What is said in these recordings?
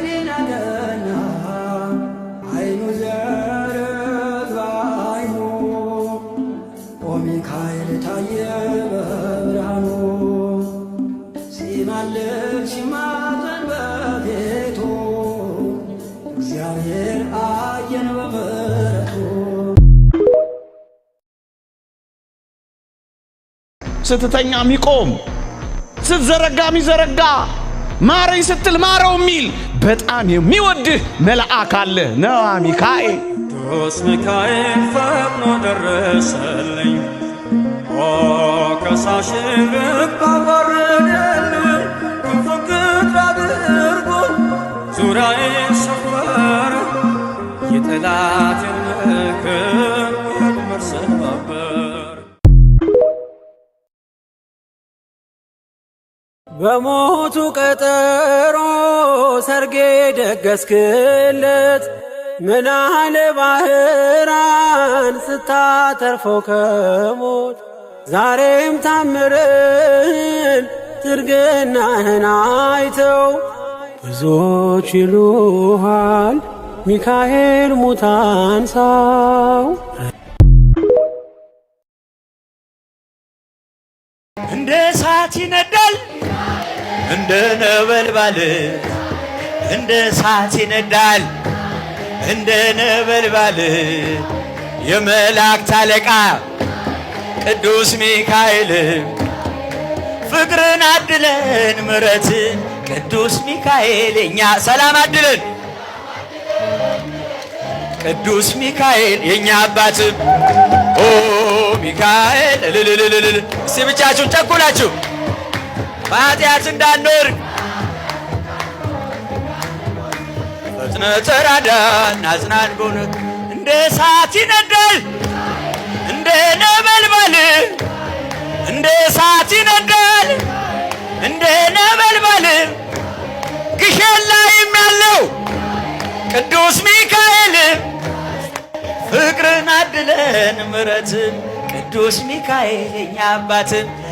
ኃይሌን አቀና አይኑ ዘርግ በአይኑ ኦ ታየ በብርሃኑ በቤቱ እግዚአብሔር አየን ስትተኛ ሚቆም ስትዘረጋ ሚዘረጋ ማረኝ ስትል ማረው የሚል በጣም የሚወድህ መልአክ አለ። ነዋ ሚካኤል ቅዱስ ሚካኤል ፈጥኖ ደረሰልኝ ኦ ከሳሽ ልብ አዋረደልኝ ክንፉን አድርጎ መርሰባበት በሞቱ ቀጠሮ ሰርጌ ደገስክለት ምናለ ባህራን ስታተርፈው ከሞት ዛሬም ታምርህን ትርግናህን አይተው ብዙዎች ይሉሃል ሚካኤል ሙታን ሳው እንደ እሳት ይነዳ እንደ ነበልባል እንደ እሳት ይነዳል እንደ ነበልባል የመላእክት አለቃ ቅዱስ ሚካኤል ፍቅርን አድለን ምሕረትን ቅዱስ ሚካኤል የኛ ሰላም አድለን ቅዱስ ሚካኤል የኛ አባት ኦ ሚካኤል እልልልልል እስቲ ብቻችሁን ጨኩላችሁ በኃጢአት እንዳንወድቅ ፈጥነህ ተራዳን፣ አጽናን በእውነት እንደ እሳት ይነዳል እንደ ነበልባል እንደ እሳት ይነዳል እንደ ነበልባል ግሸን ላይም ያለው ቅዱስ ሚካኤል ፍቅርን አድለን ምሕረትን ቅዱስ ሚካኤል የኛ አባትን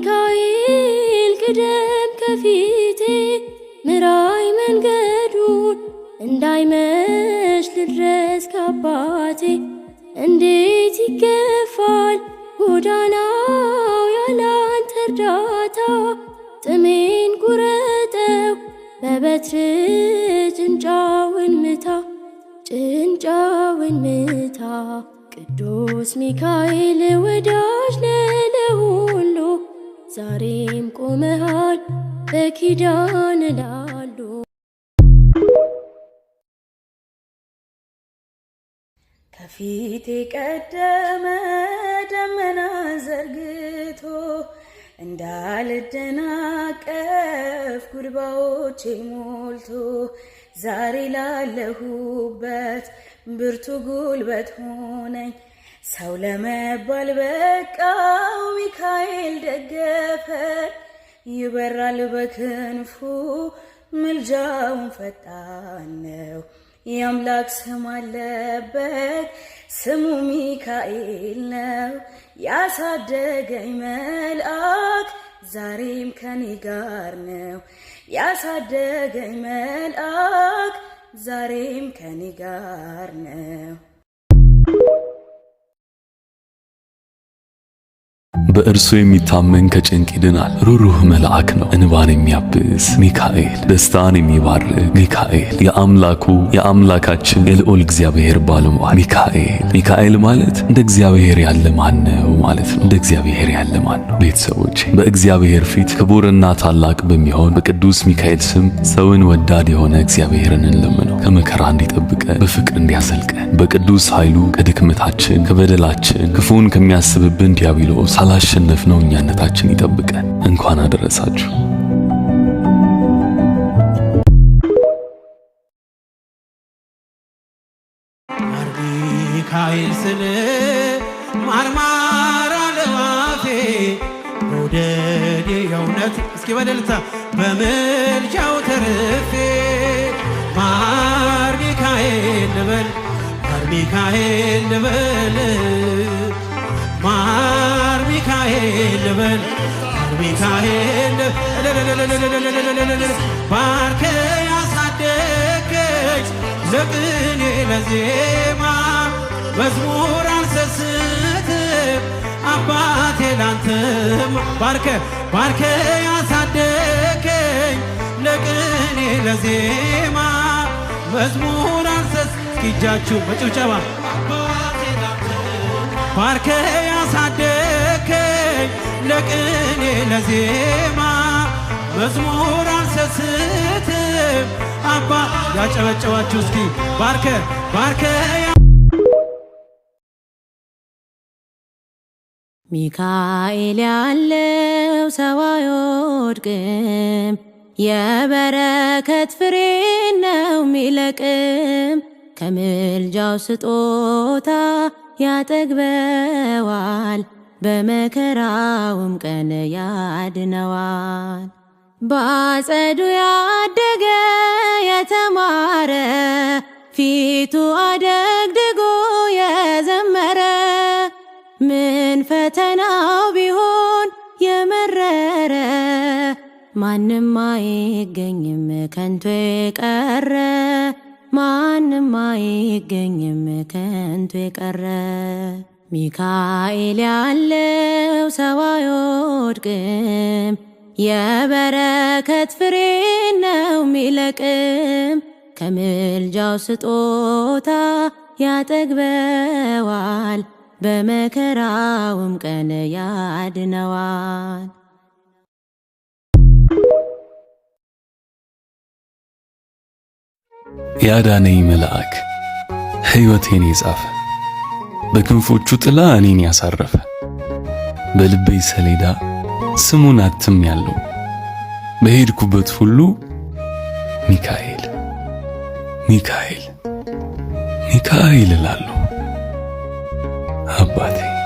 ሚካኤል ቅደም ከፊቴ ምራይ መንገዱን እንዳይመሽ ልድረስ ከአባቴ እንዴት ይገፋል ጎዳናው ያላንተ እርዳታ ጥሜን ቁረጠው በበትር ጭንጫውን ምታ ጭንጫውን ምታ ቅዱስ ሚካኤል ወዳ ዛሬም ቆመሃል በኪዳን ላሉ ከፊቴ ቀደመ ደመና ዘርግቶ እንዳልደናቀፍ ጉድባዎቼ ሞልቶ ዛሬ ላለሁበት ብርቱ ጉልበት ሆነኝ። ሰው ለመባል በቃው ሚካኤል ደገፈ ይበራል በክንፉ ምልጃውን ፈጣን ነው። የአምላክ ስም አለበት ስሙ ሚካኤል ነው። ያሳደገኝ መልአክ ዛሬም ከኔ ጋር ነው። ያሳደገኝ መልአክ ዛሬም ከኔ ጋር ነው። በእርሱ የሚታመን ከጭንቅ ይድናል። ሩሩህ መልአክ ነው፣ እንባን የሚያብስ ሚካኤል፣ ደስታን የሚባርክ ሚካኤል፣ የአምላኩ የአምላካችን የልዑል እግዚአብሔር ባለሟል ሚካኤል። ሚካኤል ማለት እንደ እግዚአብሔር ያለ ማን ነው ማለት ነው። እንደ እግዚአብሔር ያለ ማን ነው? ቤተሰቦች በእግዚአብሔር ፊት ክቡርና ታላቅ በሚሆን በቅዱስ ሚካኤል ስም ሰውን ወዳድ የሆነ እግዚአብሔርን እንለምን። ከመከራ እንዲጠብቀን በፍቅር እንዲያዘልቀን በቅዱስ ኃይሉ ከድክመታችን ከበደላችን ክፉን ከሚያስብብን ዲያብሎስ ነው እኛነታችን ይጠብቀን። እንኳን አደረሳችሁ። ሚካኤል ስል ማርማራ ለማፌ መውደድ የእውነት እስኪ በደልታ በምልጃው ተርፌ ሚካኤል ልበል ማር ሚካኤል ልበል ሚካኤል ባርከ ያሳደገች ለቅኔ ለዜማ መዝሙር አልሰስትም አባቴ ላንተም ባርከ ባርከ ያሳደገኝ ለቅኔ ለዜማ መዝሙር አልሰ እጃችሁ በጭብጨባ ባርከ ያሳደከኝ ለቅኔ ለዜማ መዝሙር አልሰስትም አባ ያጨበጨባችሁ እስኪ ባርከ ባርከ ሚካኤል ያለው ሰው አይወድቅም የበረከት ፍሬ ነው ሚለቅም ከምልጃው ስጦታ ያጠግበዋል፣ በመከራውም ቀን ያድነዋል። በአጸዱ ያደገ የተማረ ፊቱ አደግድጎ የዘመረ ምን ፈተናው ቢሆን የመረረ ማንም አይገኝም ከንቱ የቀረ ማንም አይገኝም ከንቱ የቀረ ሚካኤል ያለው ሰው አይወድቅም። የበረከት ፍሬ ነው ሚለቅም ከምልጃው ስጦታ ያጠግበዋል፣ በመከራውም ቀን ያድነዋል። ያዳነኝ መልአክ ሕይወቴን የጻፈ በክንፎቹ ጥላ እኔን ያሳረፈ በልቤ ሰሌዳ ስሙን አትም ያለው በሄድኩበት ሁሉ ሚካኤል ሚካኤል ሚካኤል እላለሁ አባቴ